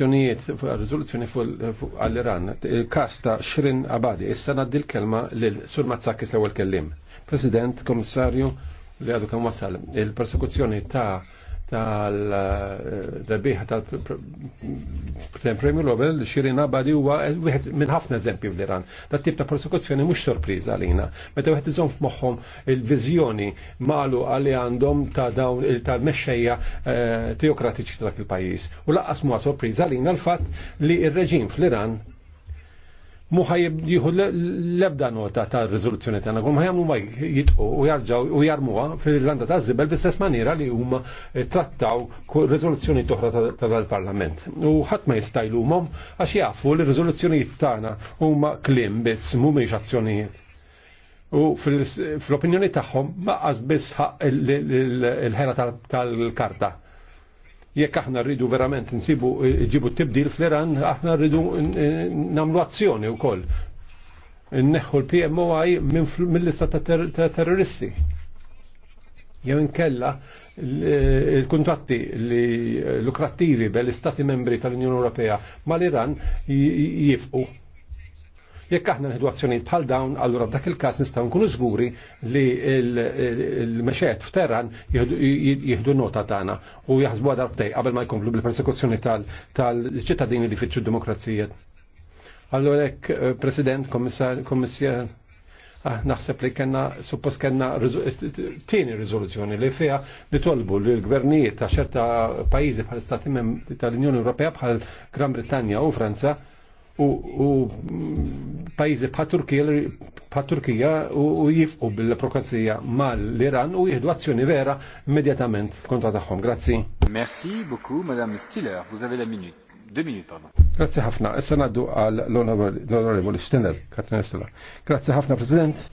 azzjonijiet rizoluzzjoni għall-Iran, il-kas ta' Shrin Abadi, issa naddi l-kelma l-Sur Mazzakis l-ewel kellim. President, Komissarju, li għadu kam wasal, il-persekuzzjoni ta' tal rebiħa tal-Premju Nobel Xirin xirina badi huwa wieħed minn ħafna eżempju fl-Iran. Dat tip ta' prosekuzzjoni mhux sorpriża għalina. Meta wieħed iżomm f'moħħhom il-viżjoni malu għalli għandhom ta' dawn tal-mexxejja eh, teokratiċi ta' dak il-pajjiż. U laqqas mhuwa sorpriża għalina l-fatt li r-reġim fl-Iran muħa jieħu l-ebda nota ta' rizoluzzjoni tagħna kull ma ma jitqu u jarġaw u jarmuha fil-Irlanda ta' Zibel bl-istess maniera li huma eh, trattaw riżoluzzjoni toħra tal-Parlament. U ħadd ma jistajlumhom għax jafu li riżoluzzjonijiet tagħna huma kliem biss mhumiex azzjonijiet. U fl-opinjoni tagħhom ma biss il-ħena tal-karta jekk aħna rridu verament nsibu ġibu tibdil fl-Iran, aħna rridu namlu azzjoni wkoll. Neħħu l-PMOI mill-lista ta' terroristi. Jew inkella il kuntratti li lukrattivi bel istati membri tal-Unjoni Ewropea mal-Iran jifqu Jekk aħna nħedu azzjonijiet bħal dawn, allura f'dak il-każ nistgħu nkunu żguri li l-mexed f'terran jieħdu nota tagħna u jaħsbu għadar btej qabel ma jkomplu bil-persekuzzjoni tal-ċittadini li fitxu d-demokrazija. Allora jekk eh, President, Kommissar, ah, naħseb li kena suppost kena tieni riżoluzzjoni li fija li tolbu li l-gvernijiet ta' ċerta pajjiżi bħal Stati tal-Unjoni Ewropea bħal Gran Britannia u Franza u u pajjiżi pa' Turkija u u jifqu bil-prokazija mal-Iran u jihdu azzjoni vera immedjatament kontra tagħhom. Grazzi. Merci beaucoup, Madame Stiller. Vous avez la minute. Deux minutes, pardon. Grazie ħafna. Issa naddu għal l-onorevoli Stiller, Katrina Stiller. Grazie ħafna, President.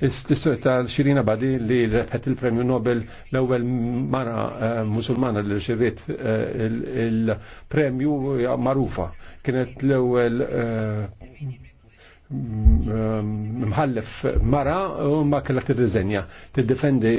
Is-tissuq tal-Xirina Badi li rebħet il-Premju Nobel l-ewwel mara eh, musulmana li rċeviet eh, il-premju eh, marufa. Kienet l-ewwel mm, mħallef mara u ma kellha rizenja tiddefendi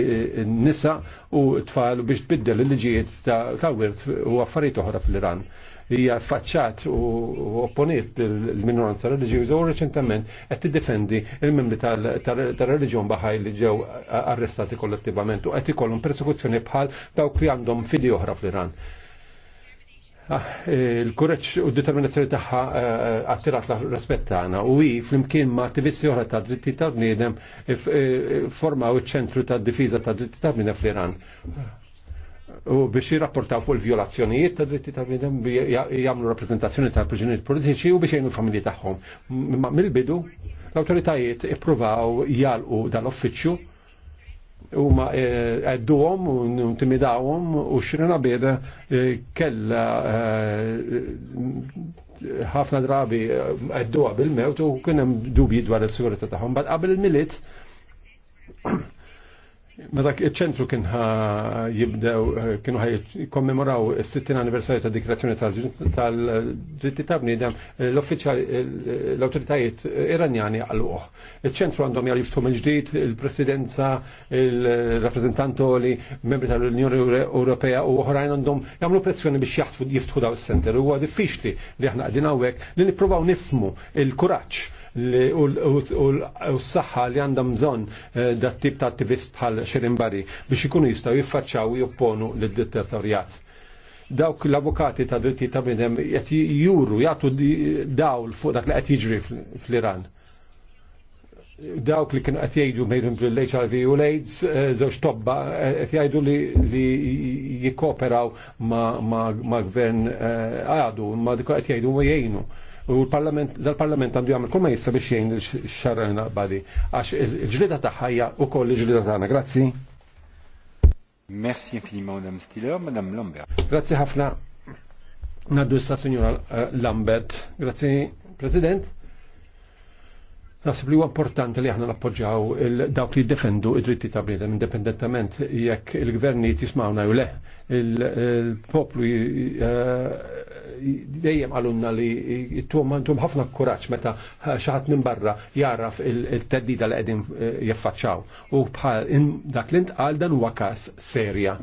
n-nisa u t u biex tbiddel il-liġijiet ta' wirt u affarijiet oħra fl-Iran hija faċċat u opponiet l-minoranza reliġjuża u reċentament qed tiddefendi il-membri tal-reliġjon baħaj li ġew arrestati kollettivament u qed ikollhom persekuzzjoni bħal dawk li għandhom fidi oħra fl-Iran. Ah, Il-kureċ u determinazzjoni tagħha eh, attirat la rispettana tagħna u hi flimkien ma' attivisti oħra ta' dritti ta' bniedem eh, eh, formaw iċ-ċentru tad-difiża tad dritti ta' bniedem fl-Iran u biex jirrapportaw fuq il-violazzjonijiet ta' dritti ta' bnidem jagħmlu rappreżentazzjoni ta' priġunieri politiċi u biex jgħinu familji tagħhom. Ma mill-bidu l-awtoritajiet ippruvaw jalqu dan offiċċju u ma e, għedduhom u intimidawhom u xirina beda e, kella e, ħafna drabi għedduha bil-mewt u kien hemm dubji dwar il sigurità tagħhom. Bad qabel il-milit Meta iċ-ċentru kien jibdew eh, kienu ħaj kommemoraw is-60 anniversarju ta' dikrazzjoni tal-dritti ta' bniedem eh, eh, l autoritajiet l-awtoritajiet Iranjani għalluh. Iċ-ċentru għandhom jariftu jiftu ġdid il-presidenza, il-rappreżentantoli, membri tal-Unjoni Ewropea u oħrajn għandhom jagħmlu pressjoni biex jaħtfu jiftħu daw il center Huwa diffiċli li aħna qegħdin hawnhekk li nippruvaw nifmu il-kuraġġ u s-saħħa li għandhom bżonn eh, dat tip ta' attivist bħal bari biex ikunu jistgħu jiffaċċaw u jopponu lid-dittatorjat dawk l-avukati ta' dritti ta' bidem qed juru, jgħatu dawl fuq dak li qed jiġri fl-Iran. Dawk li kienu qed jgħidu mejrum fil-HIV u l-AIDS, eh, żewġ tobba, eh, qed jgħidu li jikkoperaw ma' gvern għadu, ma' dik qed jgħidu ma' jgħinu U dal-parlament għandu jgħamil kumma jissa biex jgħin il-xarrana badi. Għax il-ġlida taħħajja u koll il-ġlida taħna. Grazzi. Merci infiniment, Madame Stiller, Madame Lambert. Grazzi ħafna. Naddu issa signora eh, Lambert. Grazzi, President. Nasib li huwa importanti li aħna nappoġġaw dawk li jiddefendu id-dritti ta' bniedem indipendentament jekk il-gvernijiet jismawna jew le. Il-poplu dejjem għalunna li jittum ħafna kuraġġ meta xi ħadd minn barra jaraf il-teddida li qegħdin eh, jaffaċċaw. U bħal dak li ntqal dan huwa każ serja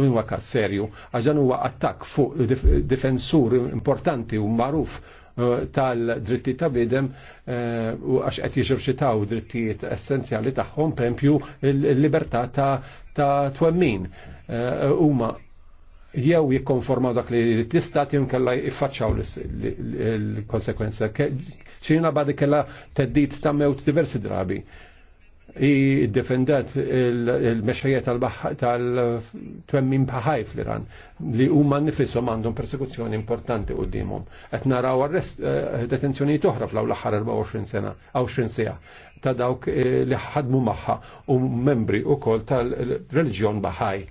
huwa każ serju, għax dan huwa attakk fuq difensur importanti u magħruf Eh, tal-dritti ta' bidem eh, u għax qed jiġrċitaw drittijiet essenzjali tagħhom pempju l-libertà ta' twemmin. Eh, huma jew jikkonformaw dak li l-istat jew kella jiffaċċaw l-konsekwenza. Xirina badi kella teddit ta' mewt diversi drabi i defendat il-mexħija tal-twemmin bħaj fl-Iran li huma nifissom għandhom persekuzzjoni importanti u d-dimum. Et naraw arrest eh, detenzjoni toħra fl l-axħar 24 sena, 20 sija, ta' dawk eh, li ħadmu maħħa u membri u kol tal-reġjon baħaj.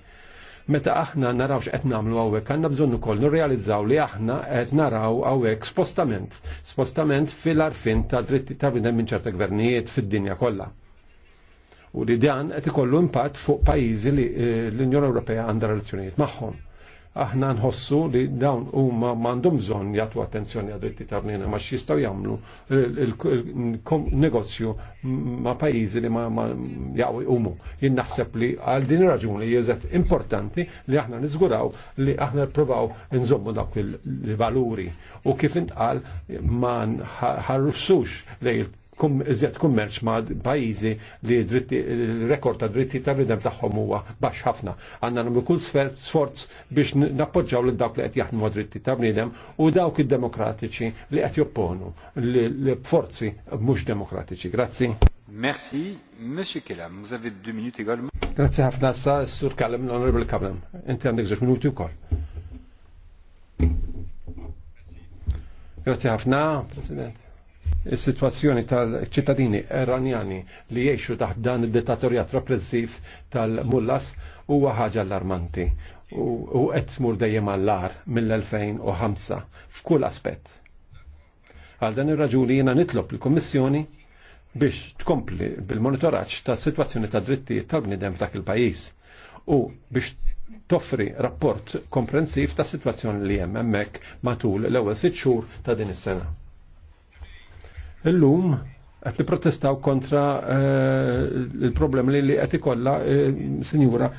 Meta aħna narawx qed nagħmlu hawnhekk, għandna bżonn ukoll nirrealizzaw li aħna qed naraw hawnhekk spostament, spostament fil-arfin ta' dritti ta' minn ċerta gvernijiet fid-dinja kollha u li dan qed ikollu impatt fuq pajjiżi li eh, l-Unjoni Ewropea għandha relazzjonijiet magħhom. Aħna nħossu li dawn huma m'għandhom bżonn jagħtu attenzjoni għad dritti tal-bniena ma x'jistgħu jagħmlu negozju ma' pajjiżi li ma jaqgħu jqumu. Jien naħseb li għal din raġuni jeżet importanti li aħna niżguraw li aħna nippruvaw nżommu dawk il-valuri u kif intqal ma ħarrufsux lejn iżjed kummerċ ma' pajizi li dritti, rekord ta' dritti ta' bidem tagħhom huwa bax ħafna. Għandna nagħmlu kull sforz biex nappoġġaw lil dawk li għet jaħdmu dritti ta' bniedem u dawk id-demokratiċi li għet jopponu l-forzi mux demokratiċi. Grazzi. Merci, Monsieur Kellam, vous avez deux minutes également. Grazie ħafna sa sur Kellam, l-Honorable Kellam. Inti għandek żewġ minuti wkoll. Grazie ħafna, President. Is-sitwazzjoni tal-ċittadini iranjani li jgħixu taħt dan id-dittatorjat repressiv tal-mullas huwa ħaġa allarmanti u qed smur dejjem għall-ar mill-2005 f'kull aspett. Għal dan ir-raġuni jiena nitlob il-Kummissjoni biex tkompli bil-monitoraġġ tas-sitwazzjoni tad drittijiet tal-bniedem f'dak il-pajjiż u biex toffri rapport komprensiv ta' situazzjoni li hemm hemmhekk matul l-ewwel sitt xhur ta' din is-sena. Illum qed nipprotestaw kontra eh, il-problem li qed ikollha eh, sinjura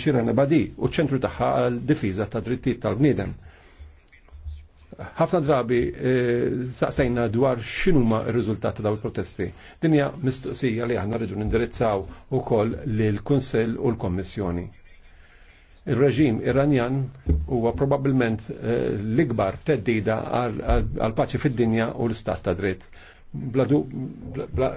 Xirana eh, Badi u ċentru tagħha għal-difiża ta' drittijiet tal-bniedem ħafna drabi saqsejna dwar x'inhuma r-riżultat ta' dawn il-protesti. Dinja mistoqsija li aħna rridu nindirizzaw ukoll lil kunsell u l-Kommissjoni. Ir-reġim Iranjan huwa probabbilment l-ikbar teddida għal paċi fid-dinja u l-istat ta' dritt bladu bla, bla,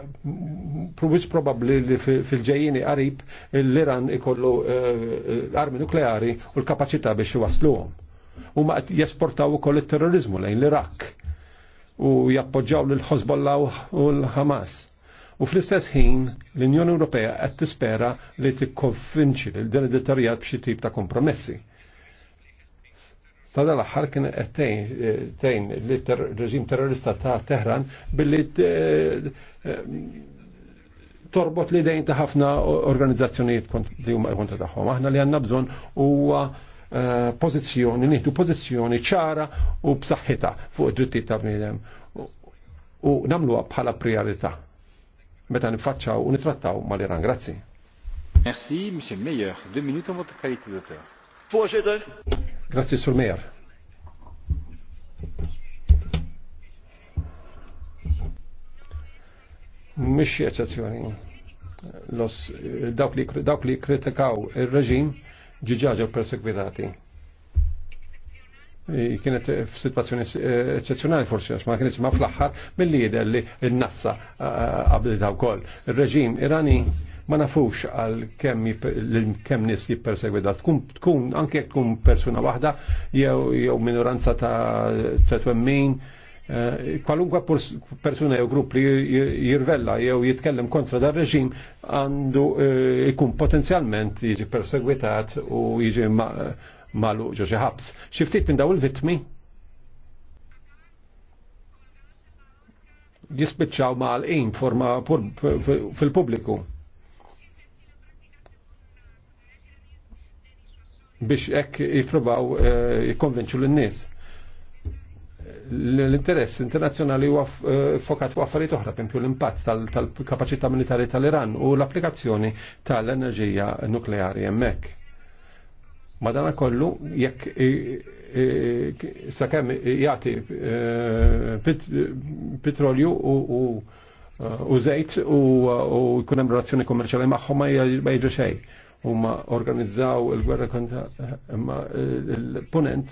probis probabli li fil-ġejjini qarib l-Iran ikollu uh, armi nukleari u l-kapacità biex wasluhom. U ma jesportaw ukoll it-terrorizmu lejn l-Irak u jappoġġaw lil hezbollah u l-Hamas. U fl-istess ħin l-Unjoni Ewropea qed tispera li tikkonvinċi lil din id b'xi tip ta' kompromessi. Sada l-axar kien tejn eh, li reġim terrorista ta' Teheran billi eh, torbot li dejn ta' ħafna organizzazzjonijiet li huma kontra tagħhom. Aħna li għandna bżonn huwa eh, pożizzjoni, nieħdu pożizzjoni ċara u b'saħħita fuq id-drittijiet ta' bniedem u namluha bħala prijarità. meta nifaċċaw u nitrattaw mal-Iran. Grazzi. Merci, Monsieur Meyer. Deux minutes en votre qualité d'auteur. Voorzitter, Grazie sur Mejer. Mhix eccezjoni. Los dawk li dawk li kritikaw ir-reġim ġiġaġa perseguitati. Kienet f'sitwazzjoni eċezzjonali forsi għax ma kienx ma fl-aħħar mill-lider li n-nassa qabdet wkoll. Ir-reġim Irani ma nafux għal kemm nis jippersegwida. Tkun anke jekk tkun persuna waħda jew minoranza ta' twemmin eh, kwalunkwa persuna jew grupp li jirvella jew jitkellem kontra dar reġim għandu eh, ikun potenzjalment jiġi persegwitat u jiġi malu ġoġi xi ħabs. Xi ftit minn daw il-vittmi jispiċċaw ma' forma fil-pubbliku. biex ekk jippruvaw eh, jikkonvinċu lin-nies. L-interess internazzjonali huwa eh, fokat fuq affarijiet oħra, pimpju l-impatt tal-kapaċità militari tal-Iran u l-applikazzjoni tal-enerġija nukleari hemmhekk. Madana kollu, jekk eh, sakemm jagħti petrolju u u zejt u jkun hemm relazzjoni kummerċjali magħhom ma jiġu xejn huma organizzaw il-gwerra kontra imma il-ponent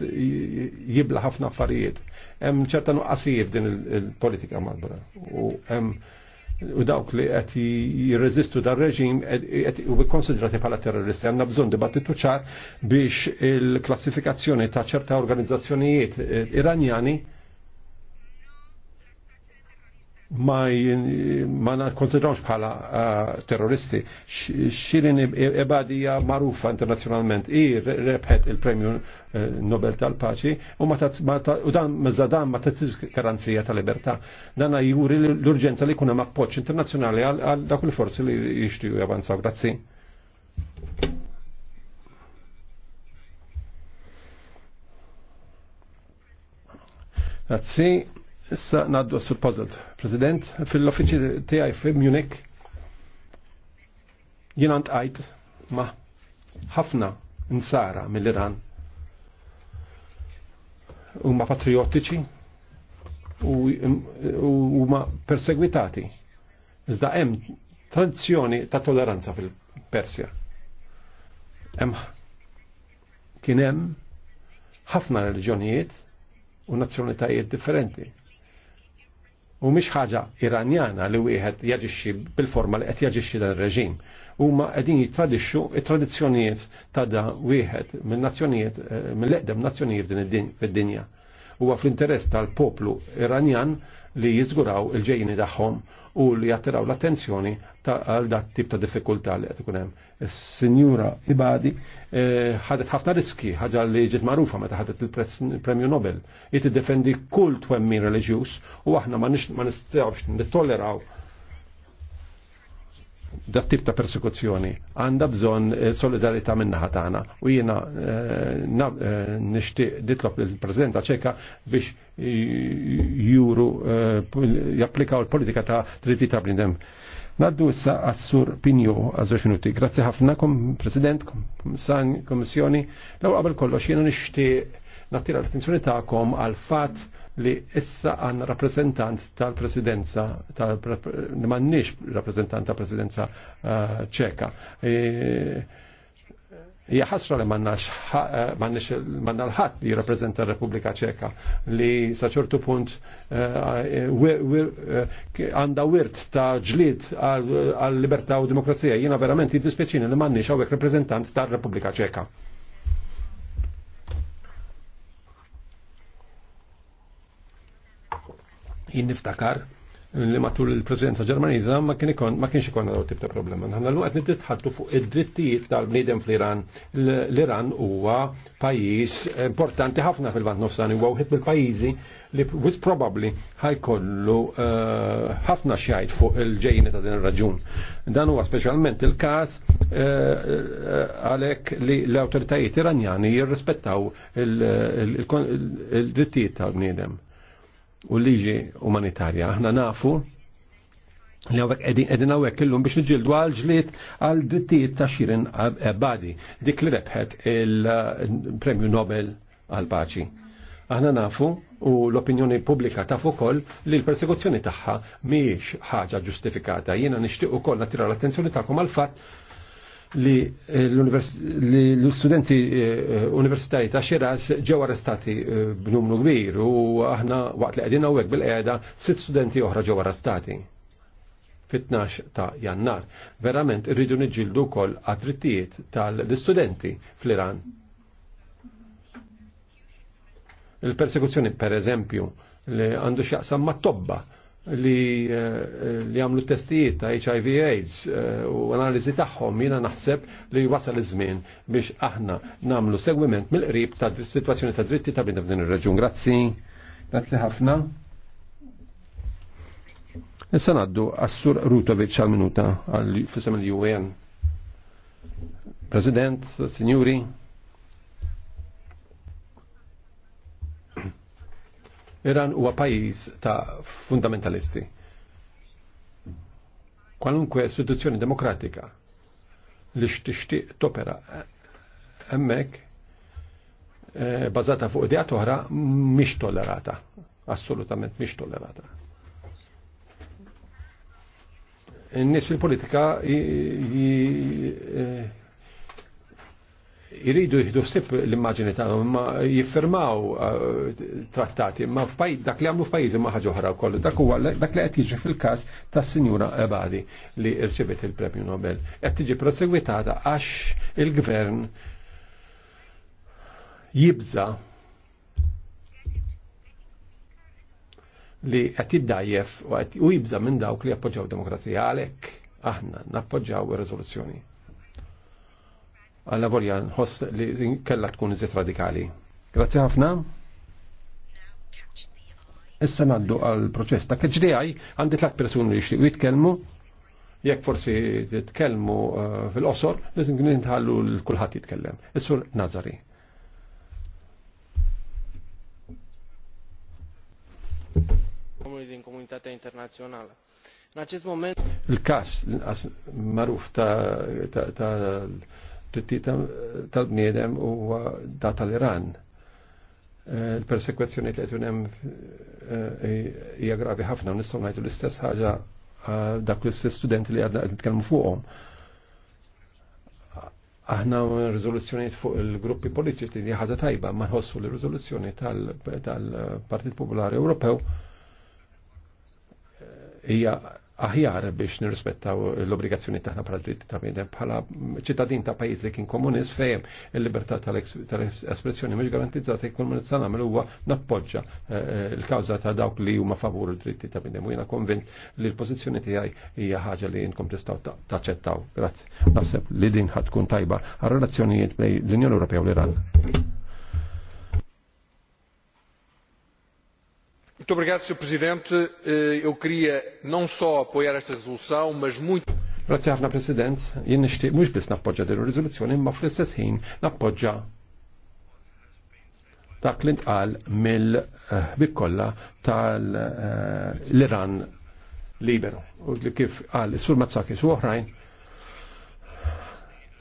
jibla ħafna affarijiet. Hemm ċerta nuqqasijiet din il-politika madbra u hemm u dawk li qed jirreżistu dar reġim qed u bħala terroristi għandna bżonn dibattitu ċar biex il-klassifikazzjoni ta' ċerta organizzazzjonijiet eh, iranjani ma, ma konsidrawx bħala uh, terroristi. Xirin ebadija marufa internazjonalment i rebħet il-premju uh, Nobel tal-Paċi u ma dan mażadam ma tattiż garanzija tal-libertà. Dan juri l-urġenza li kuna mappoċ internazjonali għal dak il forsi li jixtiju javanzaw. Grazzi. Grazzi. Issa naddu sul puzzled President, fil-offiċi tiegħi fi Munich jien għajt ma ħafna insara mill-Iran huma patriottiċi u huma persegwitati. Iżda hemm tradizzjoni ta' toleranza fil-Persja. Hemm kien hemm ħafna reliġjonijiet u nazzjonitajiet differenti U mhix ħaġa iranjana li wieħed jaġixxi bil-forma li qed jaġixxi dan ir-reġim. Huma qegħdin jittradixxu it-tradizzjonijiet ta' da wieħed mill-nazzjonijiet mill-eqdem nazzjonijiet eh, din fid-dinja. Huwa fl-interess tal-poplu Iranjan li jiżguraw il-ġejjini tagħhom u li jattiraw l-attenzjoni għal dat tip ta' diffikultà li qed ikun hemm. Is-Sinjura Ibadi eh, ħadet ħafna riski, ħaġa li ġiet magħrufa meta ħadet il-Premju Nobel. Jiti defendi kull twemmin reliġjuż u aħna ma nistgħux nittolleraw dat tip ta' persekuzzjoni għanda bżon eh, solidarita minna tagħna u jiena eh, eh, nixtieq ditlop il-Presidenta ċeka biex juru japplikaw il-politika ta' dritti ta' blindem. Naddu issa għassur Pinju għazox minuti. Grazzi ħafna kom President, Komissjoni, law qabel kollox jiena nixtieq nattira l-attenzjoni tagħkom għal fat li issa għan rappresentant tal-presidenza, tal mannix rappresentant tal-presidenza eh, ċeka. E, hija ħasra li manna eh, l-ħat li jirrappreżenta r-Repubblika Ċeka li saċertu punt eh, għanda wirt ta' ġlid għal libertà u demokrazija. Jiena verament jiddispjaċini li m'għandniex hawnhekk rappreżentant tar-Repubblika Ċeka. Jien niftakar li matul il-Presidenza Ġermaniza ma kien ikon ma kienx ikon għadu tip ta' problema. Nħanna l-waqt nittitħattu fuq id-drittijiet tal-bniedem fl-Iran. L-Iran huwa pajjiż importanti ħafna fil-Vant Nofsani huwa wieħed mill-pajjiżi li wis probably ħajkollu eh, ħafna xajt fuq il ġejni ta' din ir-raġun. Dan huwa speċjalment il-każ eh, għalhekk li l-awtoritajiet Iranjani jirrispettaw il-drittijiet tal-bniedem u liġi umanitarja. Aħna nafu li għawek edin għawek kellum biex nġildu għal ġlit għal drittijiet ta' xirin badi dik li rebħet il-premju Nobel għal paċi. Aħna nafu u l-opinjoni pubblika taf ukoll li l-persekuzzjoni tagħha mhijiex ħaġa ġustifikata. Jiena nixtieq ukoll nattira l-attenzjoni tagħkom għal fatt Eh, li l-studenti eh, universitari ta' Xiraz ġew arrestati eh, b'numru kbir u aħna waqt li qegħdin hawnhekk bil qeda sitt studenti oħra ġew arrestati fit-12 ta' jannar. Verament irridu niġġieldu wkoll għad-drittijiet tal-istudenti fl-Iran. Il-persekuzzjoni per eżempju li għandu x'jaqsam ma' tobba li eh, li għamlu testijiet ta' HIV AIDS eh, u analizi tagħhom jiena naħseb li wasal iż-żmien biex aħna namlu segwiment mill-qrib ta' situazzjoni ta' dritti ta' bina f'din ir-reġjun. Grazzi. Grazzi ħafna. Issa ngħaddu għas-Sur Rutovic għal-minuta għal fisem il-UN. President, Signuri, Iran huwa pajjiż ta' fundamentalisti. Kwalunkwe istituzzjoni demokratika li xtixtieq topera hemmhekk eh, bazata fuq idea oħra mhix tollerata. Assolutament mhix tollerata. In-nies fil-politika eh, jiridu jihdu ħsib l-immaġini ta' ma jiffirmaw eh, trattati imma dak li għamlu f'pajjiżi ma ħaġa oħra kollu, Dak huwa dak li qed jiġi fil-każ tas-Sinjura Ebadi li rċebet il-Premju Nobel. Għetiġi tiġi prosegwitata għax il-gvern jibża li qed jiddajjef u jibza minn dawk li appoġġaw demokrazija għalhekk aħna nappoġġaw ir-riżoluzzjoni għalla volja nħoss li kella tkun iżiet radikali. Grazie ħafna. Issa naddu għal proċess ta' keġdijaj għandi tlak persuni li xtiqu jitkelmu. jekk forsi jitkelmu eh, fil-qosor, nizin għallu l-kulħat jitkellem. Issur Nazari. din comunitatea internațională. În acest moment... Il-kas maruf ta', ta, ta dritti tal-bniedem u da tal-Iran. Il-persekwezzjoni eh, li qed hemm eh, hija gravi ħafna u nistgħu ngħidu l-istess ħaġa dak l-istess studenti li għadna nitkellmu fuqhom aħna rizoluzzjoniet fuq il-gruppi politiċi li ħaġa tajba ma nħossu l riżoluzzjoni tal-Partit Popolari Ewropew eh, hija aħjar biex nirrispettaw l-obbligazzjoni taħna bħala dritti ta' Bidem. bħala ċittadin ta' pajjiż li kien komunist fejn il-libertà tal-espressjoni mhux garantizzata jkun minn sa nagħmel huwa nappoġġa eh, eh, l-kawża ta' dawk li huma favur dritti ta' Bidem. u jiena konvint li l-pożizzjoni tiegħi hija ħaġa li jinkom tistgħu taċċettaw. Grazzi. Naħseb li din ħadd tkun tajba għar-relazzjonijiet bejn l-Unjoni Ewropea u l-Iran. Sr. Presidente. Eh, eu queria não só apoiar esta resolução, mas muito. Grazie ħafna President, jien nixtieq mhux biss nappoġġa din ir-riżoluzzjoni imma fl-istess ħin nappoġġa ta' li ntqal mill-ħbib kollha tal-Iran eh, liberu. U kif qal is-Sur Mazzakis u oħrajn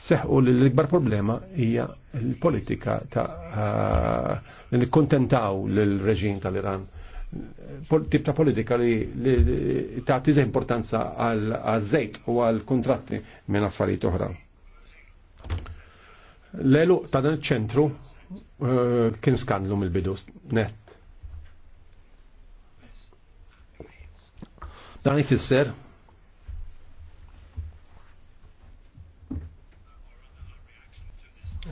seħqu li l-ikbar problema hija l-politika ta' eh, li nikkontentaw l-reġim tal-Iran tip ta' politika li ta' tiza importanza għal zejt u għal-kontratti minn affarijiet oħra. L-elu ta' dan ċentru eh, kien skandlu mill-bidu, net. Dan ifisser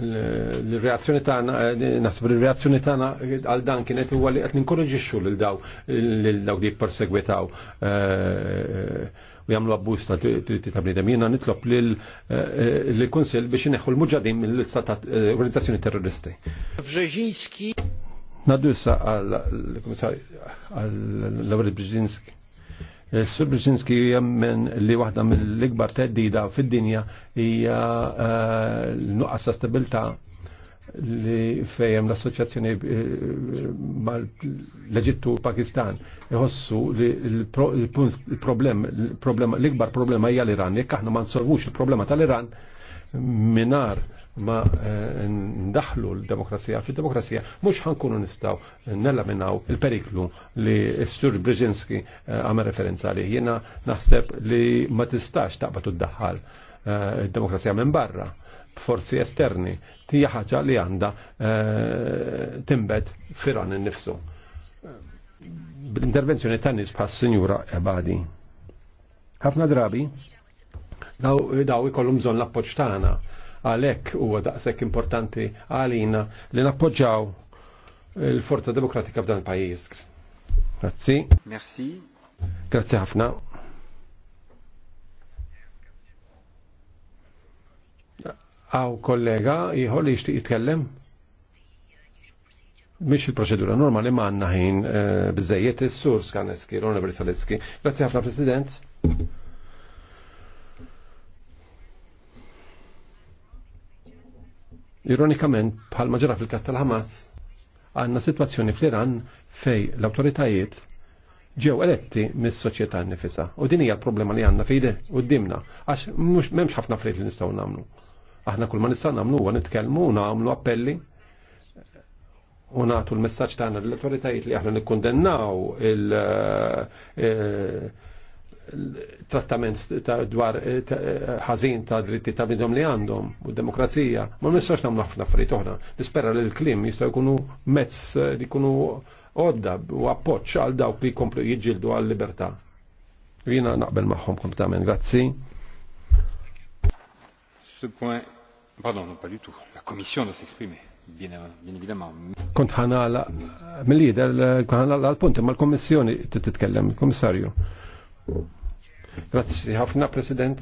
l-reazzjoni tagħna eh, naħseb il-reazzjoni tagħna għal dan kienet huwa li qed ninkoraġixxu lil daw lil dawk li jippersegwitaw eh, u jagħmlu abbuż ta' dritti ta' bniedem. Jiena nitlob lill-Kunsill eh, biex ineħħu l-muġadin mill-organizzazzjoni lista ta' terroristi. Brzeżinski. Naddu issa għall komissarju għall-Lawrence Brzeżinski. Eh, Sur jemmen li waħda mill-ikbar teddida fid-dinja hija eh, nuqqas ta' stabilta li fejjem l-assoċjazzjoni eh, mal-Eġittu u Pakistan iħossu li l-problema l-ikbar problema hija l-Iran, jekk aħna ma nsolvux il-problema tal-Iran minar ma eh, ndaħlu l-demokrazija fil-demokrazija mhux ħankunu nistgħu nellaminaw il-periklu li s-sur Brzezinski eh, għamel referenza li jiena naħseb li ma tistax taqbad daħħal eh, id-demokrazija minn barra b'forzi esterni tija ħaġa li għanda timbet firan innifsu. Bl-intervenzjoni ta' nies bħas sinjura Ebadi. Ħafna drabi daw ikollu bżonn l-appoġġ tagħna Għalhekk huwa daqshekk importanti għalina li nappoġġaw il-forza demokratika f'dan il-pajjiż. Grazzi. Merci. Grazzi ħafna. Għaw kollega jħol li jixtieq jitkellem? Mish il-proċedura normali ma għanna ħin eh, bizzejiet il-sur skaneski, l-onorevoli Saleski. ħafna, President. Ironikament, bħal maġra fil-kas tal-Hamas, għanna situazzjoni fl-Iran fej l-autoritajiet ġew eletti mis soċjetà nifisa. U din hija l problema li għandna fejde u d-dimna, għax m'hemmx ħafna fred li nistgħu nagħmlu. Aħna kull ma nistaw namlu huwa nitkellmu u nagħmlu appelli u nagħtu l-messaġġ tagħna l autoritajiet li aħna nikkundennaw il- eh, trattament ta' dwar eh, eh, ħażin ta' dritti ta' bidhom li għandhom u demokrazija. Ma nistax nagħmlu ħafna affarijiet oħra. Nispera li l-klim jistgħu jkunu mezz eh, li jkunu għodda u appoġġ għal dawk li jkomplu jiġġieldu għal libertà. Jiena naqbel magħhom kompletament. Grazzi. Pardon, non pas du tout. La Commission doit s'exprimer. Kont ħanala, mill-lider, ħanala għal-punt, ma l-Kommissjoni titkellem, il-Kommissarju. Grazzi ħafna, President.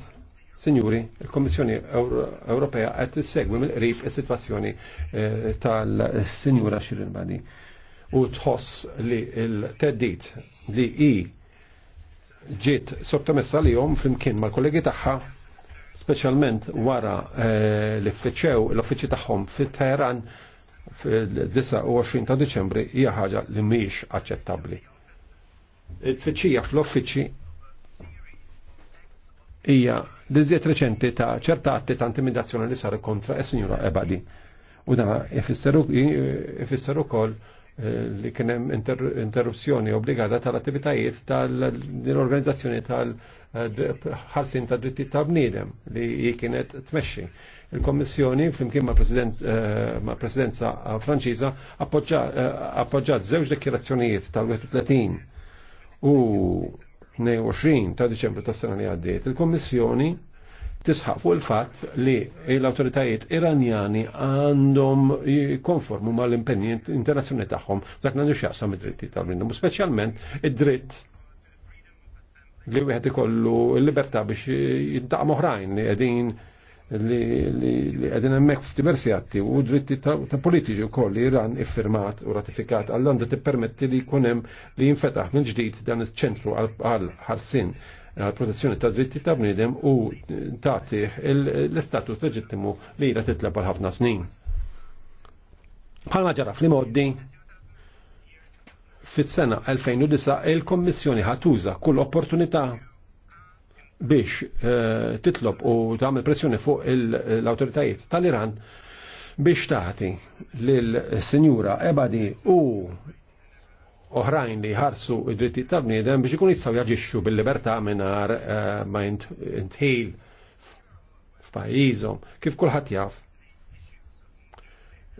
Signuri, il-Kommissjoni Ewropea qed tissegwi mill-qrib is-sitwazzjoni eh, tal-Sinjura Shirin Badi u tħoss li l-teddit li i ġiet sottomessa li jom flimkien mal-kollegi tagħha speċjalment wara eh, li ffiċċew l-uffiċċji tagħhom fit-Teheran fil-29 ta' Deċembri hija ħaġa li mhijiex aċċettabbli. Il-tfittxija fl-uffiċċji hija l-iżjed reċenti ta' ċerta atti ta' intimidazzjoni li sar kontra is-Sinjura Ebadi. U da ifisser ukoll eh, li kien hemm interruzzjoni obbligata tal-attivitajiet tal-organizzazzjoni tal-ħarsin eh, tad dritti ta' bniedem li kienet tmexxi. Il-Kommissjoni flimkien ma' eh, Presidenza Franċiża appoġġat żewġ dekjerazzjonijiet tal-31 u 22 ta' Diċembru tas sena li għaddiet, il-Kommissjoni tisħaq fuq il-fatt li l-autoritajiet iranjani għandhom konformu mal impenni internazjonali tagħhom dak għandu x'jaqsam id-dritti tal-minnhom, speċjalment id-dritt li wieħed ikollu l-libertà biex jintaqa' oħrajn li qegħdin li għedin emmek f'diversi atti u dritti ta' politiċi u koll li Iran iffirmat u ratifikat għallan għandu t-permetti li kunem li jinfetaħ minn ġdijt dan il-ċentru għal-ħarsin għal-protezzjoni ta' dritti ta' bnidem u tati l-istatus leġittimu li jira titla' bħal ħafna snin. Palma ġara li moddi fis-sena 2009 il-Kommissjoni ħatuża kull opportunità biex eh, titlob u tagħmel pressjoni fuq l-awtoritajiet tal-Iran biex taħti lill sinjura Ebadi u oħrajn li ħarsu id-dritti tal-bniedem biex ikun jistgħu jaġixxu bil-libertà mingħajr eh, ma ntħil f'pajjiżhom kif kulħadd jaf.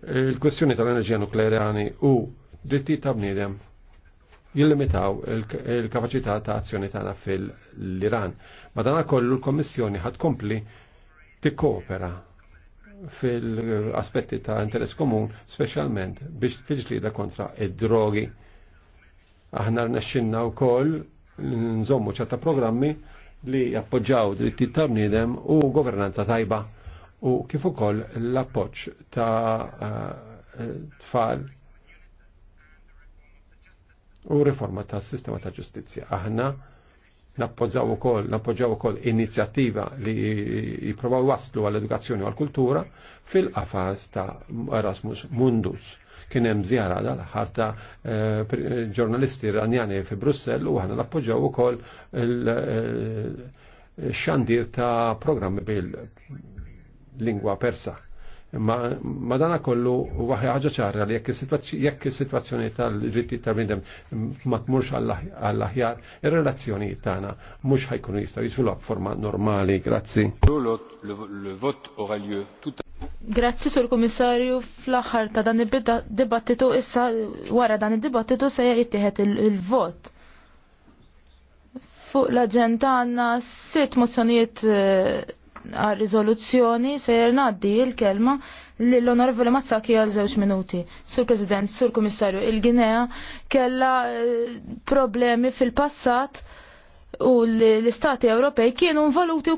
Il-kwestjoni tal-enerġija nukleari u dritti tal-bniedem jillimitaw il-kapacità ta' azzjoni tagħna fil-Iran. Madana kollu l-Kommissjoni ħad kompli tikkoopera fil-aspetti ta' interess komun, specialment biex tiġlida kontra id-drogi. Aħna rnexxinna wkoll nżommu ċerta programmi li jappoġġaw dritti ta' bniedem u governanza tajba u kif ukoll l-appoġġ ta' eh, tfal u riforma tas sistema ta' ġustizzja. Aħna nappoġġaw ukoll nappoġġaw ukoll inizjattiva li jipprovaw waslu għall-edukazzjoni u għall-kultura fil-qafas ta' Erasmus Mundus. Kien hemm żjara dal ħarta eh, ġurnalisti iranjani fi Brussell u aħna nappoġġaw ukoll il-xandir eh, ta' programmi bil-lingwa persa Ma dana kollu waħi ħaġa ċarra li jekk is-sitwazzjoni tal-dritti tal-bnidem ma tmurx għall-aħjar, ir-relazzjoni tagħna mhux ħajkunu jistgħu jiżvilupp forma normali. Grazzi. Grazzi sur komissarju fl-aħħar ta' dan id-dibattitu issa wara dan id-dibattitu se jittieħed il-vot. Fuq l agenda għanna sitt mozzjonijiet eh, għal-rizoluzzjoni ser naddi il-kelma l-onorevole Mazzaki għal żewġ minuti. Sur President, Sur Komissarju, il-Ginea kella eh, problemi fil-passat u l-Istati Ewropej kienu involuti